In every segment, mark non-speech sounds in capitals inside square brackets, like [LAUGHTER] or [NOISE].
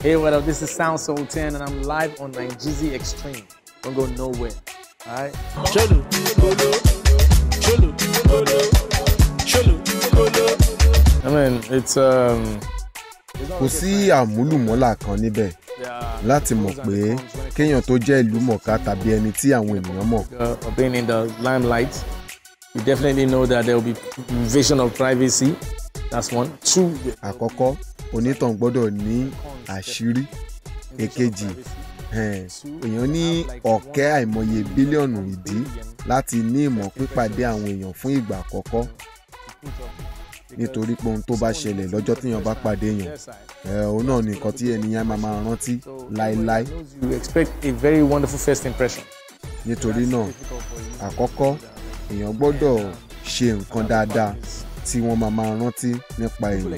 Hey, what up? This is Sound Soul 10, and I'm live on my Jizzy Extreme. Don't go nowhere. Alright. right? Cholo, Cholo, Cholo, Cholo, Cholo. I mean, it's um. kò sí àmúlùmọ́là kan níbẹ̀ láti mọ̀ pé kéèyàn tó jẹ́ ìlú mọ̀ká tàbí ẹni tí àwọn ènìyàn mọ̀. Uh, being in the limelight you definitely know that there will be invasion of privacy that's one two. àkọ́kọ́ onítàn gbọ́dọ̀ ní àṣírí èkejì èèyàn ní ọ̀kẹ́ àìmọye bílíọ̀nù ìdí láti ní ìmọ̀ pípàdé àwọn èèyàn fún ìgbà àkọ́kọ́ nítorí pé ohun tó bá ṣẹlẹ̀ lọ́jọ́ téèyàn bá pàdé yàn òun náà ni nǹkan tí ènìyàn máa máa rántí láéláé. you expect a very wonderful first impression. nítorí náà àkọ́kọ́ èèyàn gbọ́dọ̀ ṣe nǹkan dáadáa tí wọ́n máa máa rántí nípa èèyàn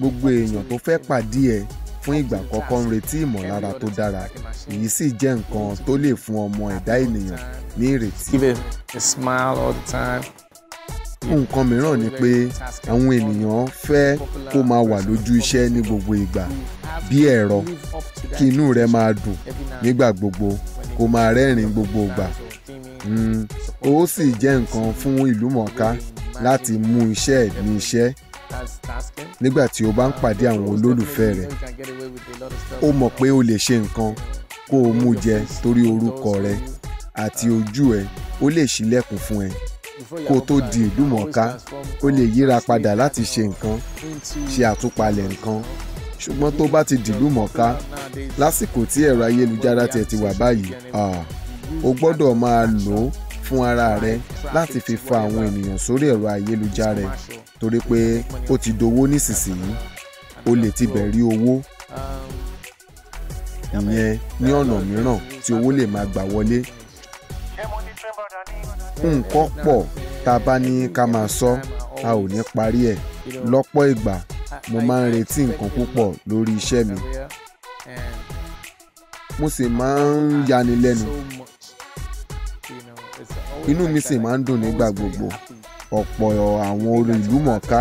gbogbo èèyàn tó fẹ́ pàdé ẹ̀ fún ìgbà àkọ́kọ́ ń retí ìmọ̀lára tó dára èyí sì jẹ́ nǹkan tó lè fún ọmọ ẹ̀dá ènìyàn ní ìrètí. a smile all the time nǹkan mìíràn ni pé àwọn ènìyàn fẹ́ kó máa wà lójú iṣẹ́ ní gbogbo ìgbà bí ẹ̀rọ kí inú rẹ máa dùn nígbà gbogbo kó máa rẹ́rìn gbogbo ìgbà hmm, ó sì jẹ́ nǹkan fún ìlúmọ̀ọ́ká láti mú iṣẹ́ ní iṣẹ́ nígbà tí o bá ń pàdé àwọn olólùfẹ́ rẹ o mọ̀ pé o lè ṣe nǹkan kó o mú jẹ torí orúkọ rẹ àti ojú ẹ o lè ṣílẹ̀kùn fún ẹ kó o tó di ìlú o lè yíra padà láti ṣe nǹkan ṣe àtúpalẹ̀ nǹkan ṣùgbọ́n tó bá ti dìlú mọ̀ọ́ká lásìkò tí ẹ̀rọ ayélujára tiẹ̀ ti wà báyìí o gbọ́dọ̀ máa lò ó fún ara rẹ láti fi fa àwọn ènìyàn sórí ẹ̀rọ ayélujára torí pé ó ti dowó nísinsìnyí o lè tibẹ̀ rí owó ìyẹn ní ọ̀nà mìíràn tí owó lè máa gbà wọlé nǹkan pọ̀ tá a bá ní ká máa sọ a ò ní parí ẹ̀ lọ́pọ̀ ìgbà mo máa ń retí nǹkan púpọ̀ lórí iṣẹ́ mi mo sì máa ń yani inú mi sì máa ń dùn nígbà gbogbo ọ̀pọ̀ àwọn orin ìlú mọ̀ọ́ká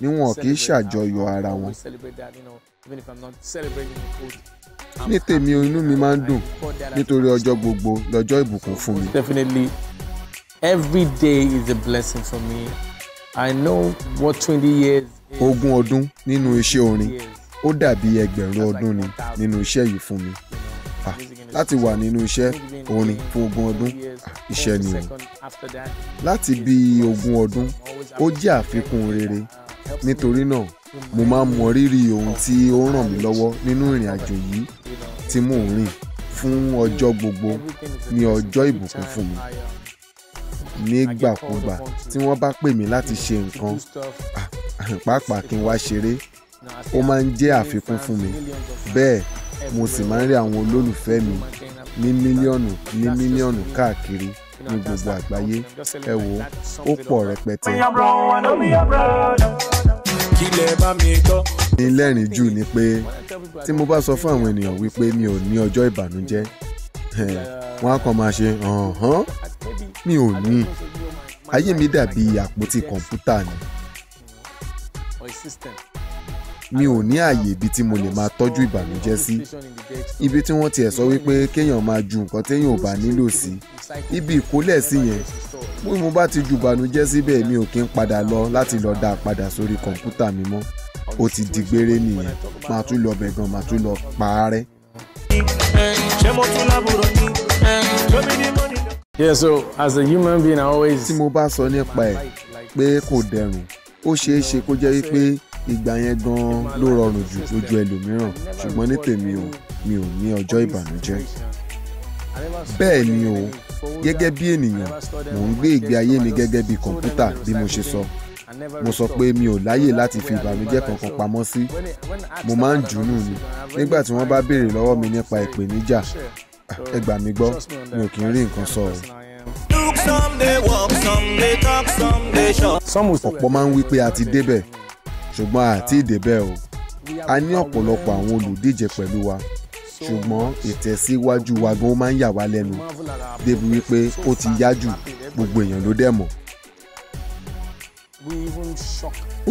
ni kì í ṣàjọyọ̀ ara wọn. ní tèmi inú mi máa ń dùn nítorí ọjọ́ gbogbo lọ́jọ́ ìbùkún fún mi. Definitely, every day is a blessing for me. I know what twenty years. ogún ọdún nínú iṣẹ́ orin ó dàbí ẹgbẹ̀rún ọdún ni nínú iṣẹ́ yìí fún mi. Ah láti wà nínú iṣẹ́ orin fún ogún ọdún iṣẹ́ ni o láti bí ogún ọdún ó jẹ́ àfikún rere nítorí náà mo máa ń mọ rírì ohun tí ó ń ràn mí lọ́wọ́ nínú ìrìn àjò yìí tí mò ń rìn fún ọjọ́ gbogbo ní ọjọ́ ìbùkún fún mi nígbàkúgbà tí wọ́n bá pè mí láti ṣe nǹkan pàápàá kí n wá ṣeré ó máa ń jẹ́ àfikún fún mi bẹ́ẹ̀ mo sì máa ń rí àwọn olólùfẹ́ mi ní mílíọ̀nù ní mílíọ̀nù káàkiri ní gbogbo àgbáyé ẹ wo ó pọ̀ rẹpẹtẹ. ní lẹ́rìn jù ni pé tí mo bá sọ fún àwọn ènìyàn wípé mi ò ní ọjọ́ ìbànújẹ́ wọ́n á kàn máa ṣe hàn-án mi ò ní ayé mi dàbí àpótí kọ̀ǹpútà ni mi ò ní ààyè ibi tí mo lè máa tọ́jú ìbànújẹ́ sí ibi tí wọ́n tiẹ̀ sọ wípé kéèyàn máa ju nǹkan téèyàn ò bá nílò sí ibi ìkólẹ̀ sí yẹn bí mo bá ti ju ìbànújẹ́ síbẹ̀ mi ò kí ń padà lọ láti lọ dá a padà sórí kọ̀ǹpútà mi mọ́ ó ti di gbére nìyẹn màá tún lọ bẹ̀ gan màá tún lọ pa á rẹ́. yeah so as a human being i always. tí mo bá sọ nípa ẹ̀ pé kò dẹrùn ó ṣeé ṣe kó jẹ́ wípé ìgbà yẹn gan-an ló rọrùn jù lójú ẹlòmíràn ṣùgbọ́n ní tèmi o mi ò ní ọjọ́ ìbànújẹ́ bẹ́ẹ̀ ni o gẹ́gẹ́ bí ènìyàn mò ń gbé ìgbé ayé mi gẹ́gẹ́ bí kọ̀ǹpútà bí mo ṣe sọ mo sọ pé mi ò láyè láti fi ìbànújẹ́ kankan pamọ́ sí mo máa ń jùúnù ni nígbà tí wọ́n bá béèrè lọ́wọ́ mi nípa ìpèníjà ẹ gbà mí gbọ́ mi ò kì í rí nǹkan sọ o. ọ̀pọ̀ máa ń wí pé a ti débẹ̀ ṣùgbọ́n àti ìdébẹ̀ o a ní ọ̀pọ̀lọpọ̀ àwọn olùdíje pẹ̀lú wa ṣùgbọ́n ìtẹ̀síwájú wa gan máa ń yà wá lẹ́nu débi wípé ó ti yá jù gbogbo èèyàn ló dẹ̀ mọ̀.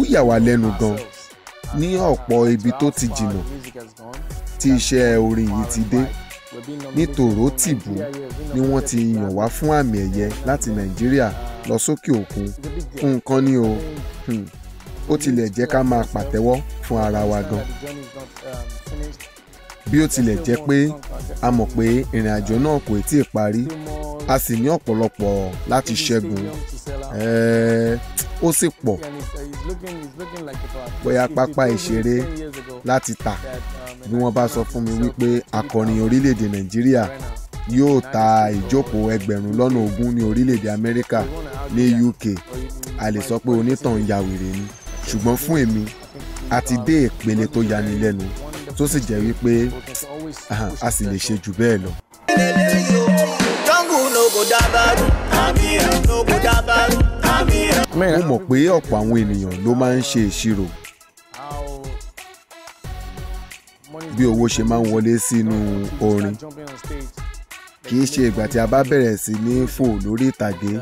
ó yà wá lẹ́nu gan ní ọ̀pọ̀ ibi tó ti jìnnà tí iṣẹ́ orin yìí ti dé ní tìbú ni wọ́n ti yàn wá fún àmì ẹ̀yẹ láti nàìjíríà lọ sókè òkun nǹkan ni o. Hmm ó tilẹ̀ jẹ́ ká máa pàtẹ́wọ́ fún ara wa gan. bí ó tilẹ̀ jẹ́ pé a mọ̀ pé ìrìn àjò náà kò tí ì parí a sì ní ọ̀pọ̀lọpọ̀ láti ṣẹ́gun ó sì pọ̀ bóyá pápá ìṣeré láti tà bí wọ́n bá sọ fún mi wípé akọrin orílẹ̀-èdè Nàìjíríà yóò ta ìjókòó ẹgbẹ̀rún lọ́nà ogún ní orílẹ̀-èdè Amẹ́ríkà ní UK a lè sọ pé onítàn ya wèrè ni ṣùgbọ́n fún èmi a ti dé ìpele tó yanilẹ́nu tó sì jẹ́ wípé a sì lè ṣe jù bẹ́ẹ̀ lọ. mo mọ̀ pé ọ̀pọ̀ àwọn ènìyàn ló máa ń ṣe ìṣirò bí owó ṣe máa ń wọlé sínú orin kì í ṣe ìgbà tí a bá bẹ̀rẹ̀ sí ní fò lórí ìtàgé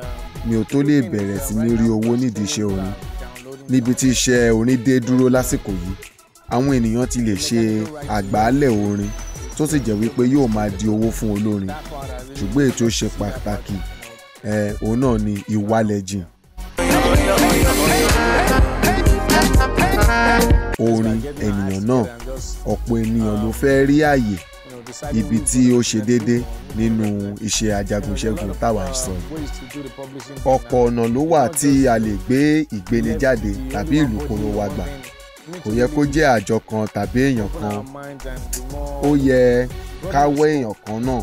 ni o tó lè bẹ̀rẹ̀ sí ní rí owó nídìí iṣẹ́ orin níbi tí iṣẹ́ orin dé dúró lásìkò yìí àwọn ènìyàn ti lè ṣe àgbàálẹ̀ orin tó sì jẹ́ wípé yóò máa di owó fún olórin ṣùgbọ́n èyí tó ṣe pàtàkì òun náà ni ìwálẹ̀jìn. orin ènìyàn náà ọ̀pọ̀ ènìyàn ló fẹ́ rí àyè ibi tí ó ṣe déédé nínú iṣẹ́ ajagun ìṣẹ́gun táwa sọ. ọ̀pọ̀ ọ̀nà ló wà tí a lè gbé ìgbénijáde tàbí ìlú koro wa gbà kò yẹ kó jẹ́ àjọ kan tàbí èèyàn kan ó yẹ ká wá èèyàn kan náà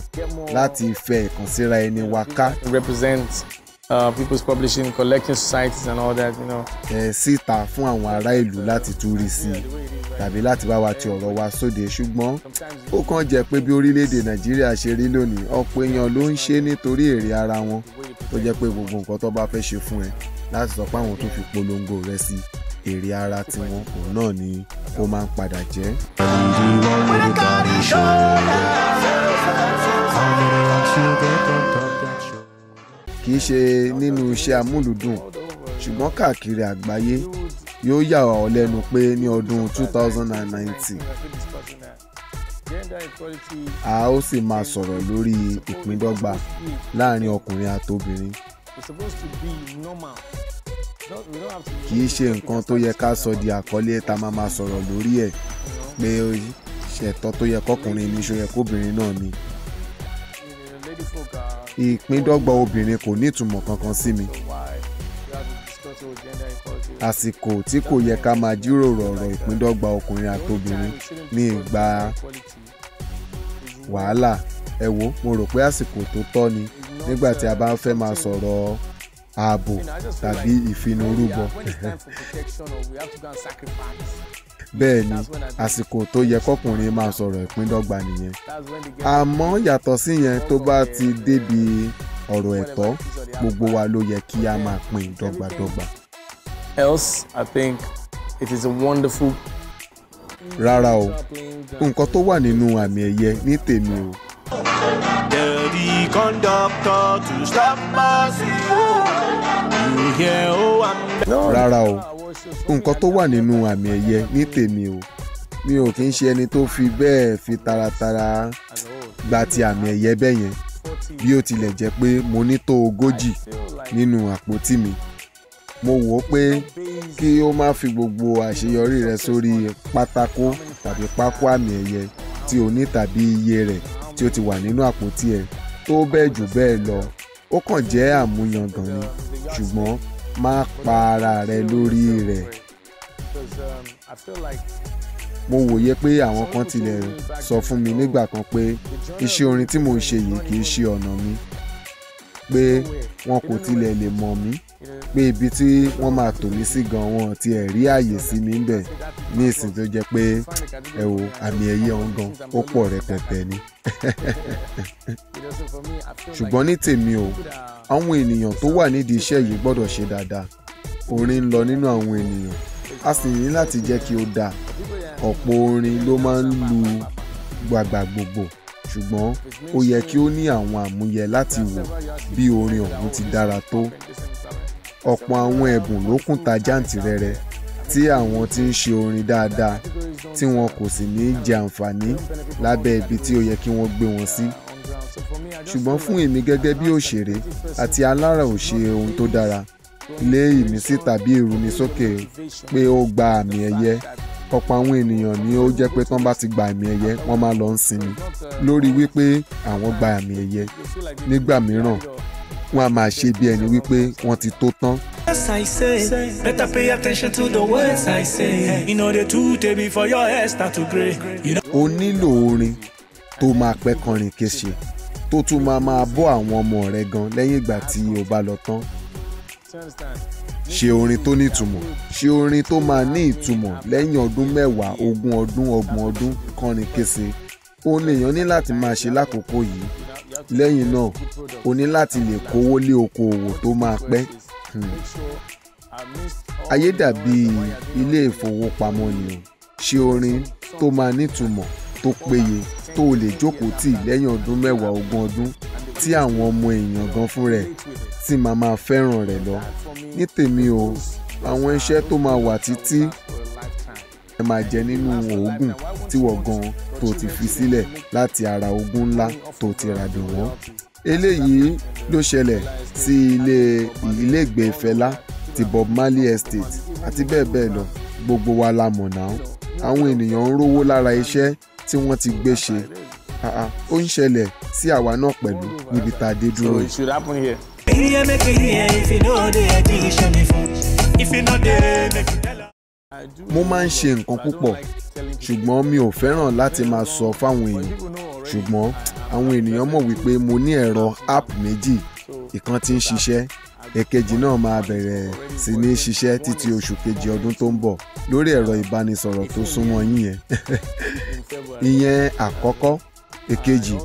láti fẹ́ ìkànsíra ẹni wa ká. Uh, people's publishing collecting societies and all that you know. ẹ síta fún àwọn ará ìlú láti tún sí i tàbí láti bá wa ti ọ̀rọ̀ wa sóde ṣùgbọ́n ó kàn jẹ́ pé bí orílẹ̀-èdè nàìjíríà ṣe rí lónìí ọ̀pọ̀ èèyàn ló ń ṣe nítorí èrè ara wọn tó jẹ́ pé gbogbo nǹkan tó bá fẹ́ ṣe fún ẹ láti sọ pé àwọn tó fi polongo rẹ sí èrè ara tiwọn òun náà ni ó máa ń padà jẹ́. ọ̀rẹ́ kan ní ṣọ́ọ̀dà ọ̀rẹ́ kan ní ṣọ́ọ̀dà kì í ṣe nínú iṣẹ́ amúlùúdùn ṣùgbọ́n káàkiri àgbáyé yóò yà ọ́ lẹ́nu pé ní ọdún 2090 a ó sì máa sọ̀rọ̀ lórí ìpíndọ́gba láàrin ọkùnrin àtobìnrin kì í ṣe nǹkan tó yẹ ká sọ di àkọlé tá a máa máa sọ̀rọ̀ lórí ẹ̀ pé ṣẹ̀tọ́ tó yẹ kọkùnrin ní ṣó kóbìnrin náà ni ìpíndọ́gba obìnrin kò ní ìtumọ̀ kankan sí mi àsìkò tí kò yẹ ká máa jíròrò ọ̀rọ̀ ìpíndọ́gba ọkùnrin àtobìnrin ní ìgbà wàhálà ẹ wo mo rò pé àsìkò tó tọ́ ni nígbà tí a bá fẹ́ máa sọ̀rọ̀ ààbò tàbí ìfinurúbọ bẹ́ẹ̀ ni àsìkò tó yẹ kọkùnrin máa sọ̀rọ̀ ìpíndọ́gba nìyẹn àmọ́ yàtọ̀ sí yẹn tó bá ti débi ọ̀rọ̀ ẹ̀tọ́ gbogbo wa ló yẹ kí a máa pín dọ́gbadọ́gba. else I think it is a wonderful. rárá o nǹkan tó wà nínú àmì ẹ̀yẹ ní tèmi o. Tell the conductor to stop my seat. Oh, rárá o nǹkan tó wà nínú àmì ẹ̀yẹ ní tèmi o mi ò kí ń ṣe ẹni tó fi bẹ́ẹ̀ fi taratara gba ti àmì ẹ̀yẹ bẹ́ẹ̀ yẹn bí ó tilẹ̀ jẹ́ pé mo ní tó ogójì nínú àpótí mi mo wò ó pé kí ó má fi gbogbo àṣeyọrí rẹ̀ sórí pátákó tàbí pákó àmì ẹ̀yẹ tí o ní tàbí iye rẹ̀ tí ó ti wà nínú àpótí ẹ̀ tó bẹ́ẹ̀ jù bẹ́ẹ̀ lọ ó kàn jẹ́ àmúyangàn ni ṣùgbọ́n má pa ara rẹ lórí rẹ̀. mo wòye pé àwọn kan tilẹ̀ sọ fún mi nígbà kan pé iṣẹ́ orin tí mò ń ṣe yìí kì í ṣe ọ̀nà mi pé wọn kò tilẹ̀ lè mọ̀ mí pé ibi tí wọ́n máa tò mí sí gan wọn ti ẹ̀ rí àyè sí mi ń bẹ̀ ní ìsìn tó jẹ́ pé ẹ wo àmì ẹ̀yẹ ọ̀hún gan ó pọ̀ rẹpẹtẹ ni. [LAUGHS] ṣùgbọ́n ní tèmi o àwọn ènìyàn tó wà nídìí iṣẹ́ yìí gbọ́dọ̀ ṣe dáadáa orin ń lọ nínú àwọn ènìyàn a sì ní láti jẹ́ kí ó dáa ọ̀pọ̀ orin ló máa ń lu gbàgbà gbogbo ṣùgbọ́n ó yẹ kí ó ní àwọn àmúyẹ láti wò bí orin ọ̀hún ti dára tó ọ̀pọ̀ àwọn ẹ̀bùn ló kún ta jàǹtìrẹrẹ tí àwọn tí ń ṣe orin dáadáa tí wọn kò sì ní í jẹ àǹfààní lábẹ́ ibi tí ó yẹ kí wọ́n gbé wọn sí. ṣùgbọ́n fún èmi gẹ́gẹ́ bí òṣèré àti alára ò ṣe ohun tó dára lé ìmísí tàbí ìrunisókè pé ó gba àmì ẹ̀yẹ ọ̀pọ̀ àwọn ènìyàn ni ó jẹ́ pé tán bá ti gba àmì ẹ̀yẹ wọ́n máa lọ ń sinmi lórí wípé àwọn gba àmì ẹ̀yẹ nígbà mìíràn wọ́n á máa ṣe bí ẹni wípé wọ́n ti tó tán. Yes, I say, better pay attention to the words I say. You know the truth dey before your head start to gray. O nílò orin tó máa pẹ́ kọrin kéṣe tó tún máa máa bọ́ àwọn ọmọ rẹ gan lẹ́yìn ìgbà tí o bá lọ tán. Ṣe orin tó ní ìtumọ̀ ṣe orin tó máa ní ìtumọ̀ lẹ́yìn ọdún mẹ́wàá ogún ọdún ọgbọ̀n ọdún kọrin kéṣe. Òun lèèyàn ní láti máa ṣe lákòókò yìí lẹ́yìn náà o ní láti lè kówó lé okòòwò tó máa pẹ́. Hmm. ayé dàbí ilé ìfowópamọ́ ni o ṣe orin tó máa nítumọ̀ tó péye tó o lè jókòó tì lẹ́yìn ọdún mẹ́wàá ogún ọdún tí àwọn ọmọ èèyàn gan fún rẹ̀ tí màá máa fẹ́ràn rẹ̀ lọ. ní tèmi o àwọn iṣẹ́ tó máa wà títí ẹ máa jẹ nínú òógùn tíwọ̀ gan tó ti fi sílẹ̀ láti ara ogún ńlá tó ti rà dùn wọ́n. eléyìí ló ṣẹlẹ̀ sí ilé ìlégbè Fẹlá ti Bob Marley Estate àti bẹ́ẹ̀ bẹ́ẹ̀ lọ gbogbo wa la mọ̀ náà àwọn ènìyàn ń rówó lára iṣẹ́ tí wọ́n ti gbé ṣe ó ń ṣẹlẹ̀ sí àwa náà pẹ̀lú níbi tá a dé dúró. so it should happen here. If you no dey, make mo máa ń ṣe nǹkan púpọ̀ ṣùgbọ́n mi ò fẹ́ràn láti máa sọ fáwọn èèyàn ṣùgbọ́n àwọn ènìyàn mọ̀ wípé mo ní ẹ̀rọ app méjì ìkan tí ń ṣiṣẹ́ èkejì náà máa bẹ̀rẹ̀ sí ní ṣiṣẹ́ títí oṣù kejì ọdún tó ń bọ̀ lórí ẹ̀rọ ìbánisọ̀rọ̀ tó súnmọ́ yín yẹn [LAUGHS] ìyẹn àkọ́kọ́ èkejì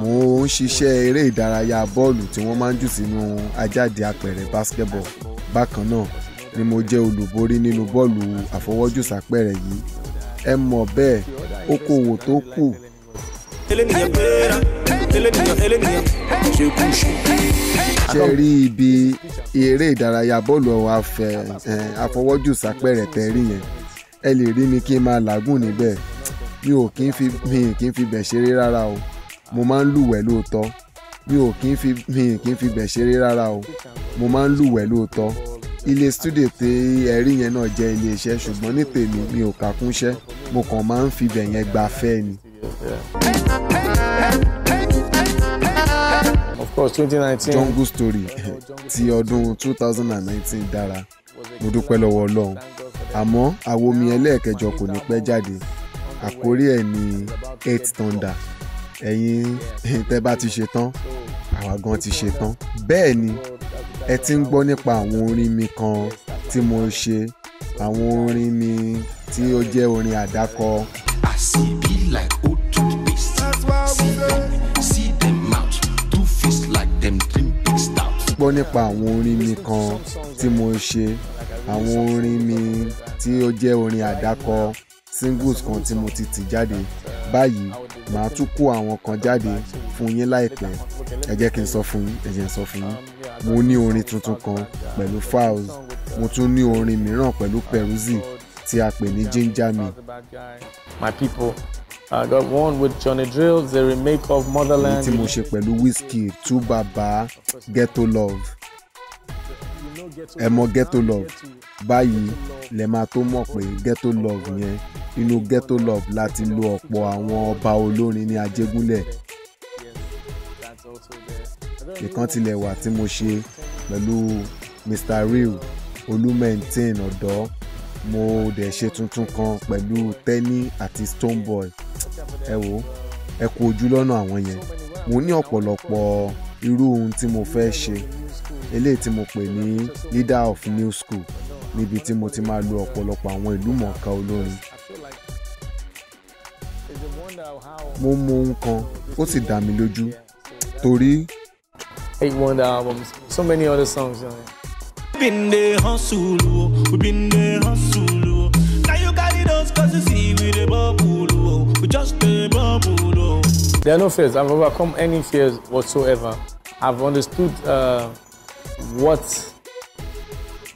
mo ń ṣiṣẹ́ eré ìdárayá bọ́ọ̀lù tí wọ́n máa ń jù sínú ajáde apẹ̀rẹ̀ basketball bákan náà ni mo jẹ́ olùborí nínú bọ́ọ̀lù àfọwọ́jù sápẹ̀rẹ̀ yìí ẹ mọ̀ bẹ́ẹ̀ okòwò tó kù. ṣe rí ibi eré ìdárayá bọ́ọ̀lù àfọwọ́jù sápẹ̀rẹ̀ tẹ́ rí yẹn ẹ lè rí mi kí n máa làágùn níbẹ̀ mi ò kí n fi mi kí n fi bẹ̀ ṣeré rárá o mo máa ń lúwẹ̀ẹ́ lóòótọ́ mi ò kí n fi mi kí n fi bẹ̀ ṣeré rárá o mo máa ń lúwẹ̀ẹ́ lóòótọ́ ilé studio tí ẹ̀rí yẹn náà jẹ́ iléeṣẹ́ ṣùgbọ́n ní tèmi mi ò kàkúnṣẹ́ mo kàn máa ń fi ibẹ̀ yẹn gbafẹ́ ni. of course twenty jungle story ti ọdún two thousand and nineteen dára mo dúpẹ́ lọ́wọ́ ọlọ́run àmọ́ àwo mi ẹlẹ́ẹ̀kẹjọ kò ní pẹ́ jáde àkórí ẹ̀ ní eight thunder ẹ̀yin tẹ́ bá ti ṣe tán àwa gan ti ṣe tán bẹ́ẹ̀ ni ẹ ti ń gbọ́ nípa àwọn orin mi kan tí mo ṣe àwọn orin mi tí ó jẹ́ orin àdákọ. like old toothpaste see them see them mouth two like them dream gbọ́ nípa àwọn orin mi kan tí mo ṣe àwọn orin mi tí ó jẹ́ orin àdákọ singles kan tí mo ti tì jáde báyìí màá tún kó àwọn kan jáde fún yín láìpẹ́ ẹ jẹ́ kí n sọ fún yín ẹ jẹ́ n sọ fún yín mo ní orin tuntun kan pẹ̀lú falz mo tún ní orin mìíràn pẹ̀lú peruzzi tí a pè ní ginger me. my people I got one with Johnny Drill the remake of Motherland. èyí tí mo ṣe pẹ̀lú Wizkid tú bàbá Ghetto Love ẹ mọ Ghetto Love báyìí lè máa tó mọ̀ pé Ghetto Love yẹn inú Ghetto Love láti lo ọ̀pọ̀ àwọn ọba olórin ní Ajégúnlẹ̀ ìkan tilẹ̀ wà tí mo ṣe pẹ̀lú Mr Real olúmẹ̀ntìn ọ̀dọ́ mo dẹ̀ ṣe tuntun kan pẹ̀lú Tenny àti boy, ẹ wo ẹ kú ojú lọ́nà àwọn yẹn mo ní ọ̀pọ̀lọpọ̀ irú ohun tí mo fẹ́ ṣe eléyìí tí mo pè ní leader of new school níbi tí mo ti máa lo ọ̀pọ̀lọpọ̀ àwọn ìlú mọ̀ọ́ká olórin mo mọ ohun kan ó sì dá mi lójú torí Eight Wonder albums, so many other songs on it. Been there hustle, we been there hustle. Oh. Now oh. you carry those cause you see we the bubble, oh? we just the bubble. There are no fears. I've overcome any fears whatsoever. I've understood uh, what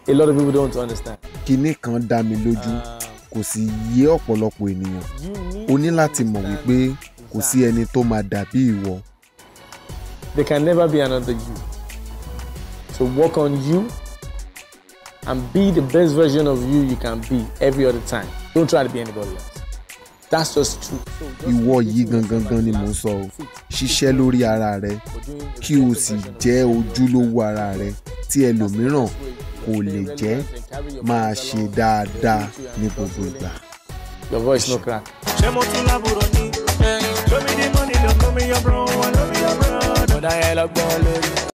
a lot of people don't understand. Kinní kan dá mi lójú uh, kò sì yé ọ̀pọ̀lọpọ̀ ènìyàn o ní láti mọ̀ wípé kò sí ẹni tó máa dàbí There can never be another you. So work on you and be the best version of you you can be every other time. Don't try to be anybody else. That's just true. Ìwọ yìí gangan gan ni mò sọ o. Ṣiṣẹ́ lórí ara rẹ kí o sì jẹ́ ojúlówó ara rẹ tí ẹlòmíràn kò lè jẹ́ máa ṣe dáadáa ní gbogbo ìgbà. Your voice no crack. Ṣé mo ti lábùrọ̀ ni? Show me the money, don't call me your I yẹn a lórí.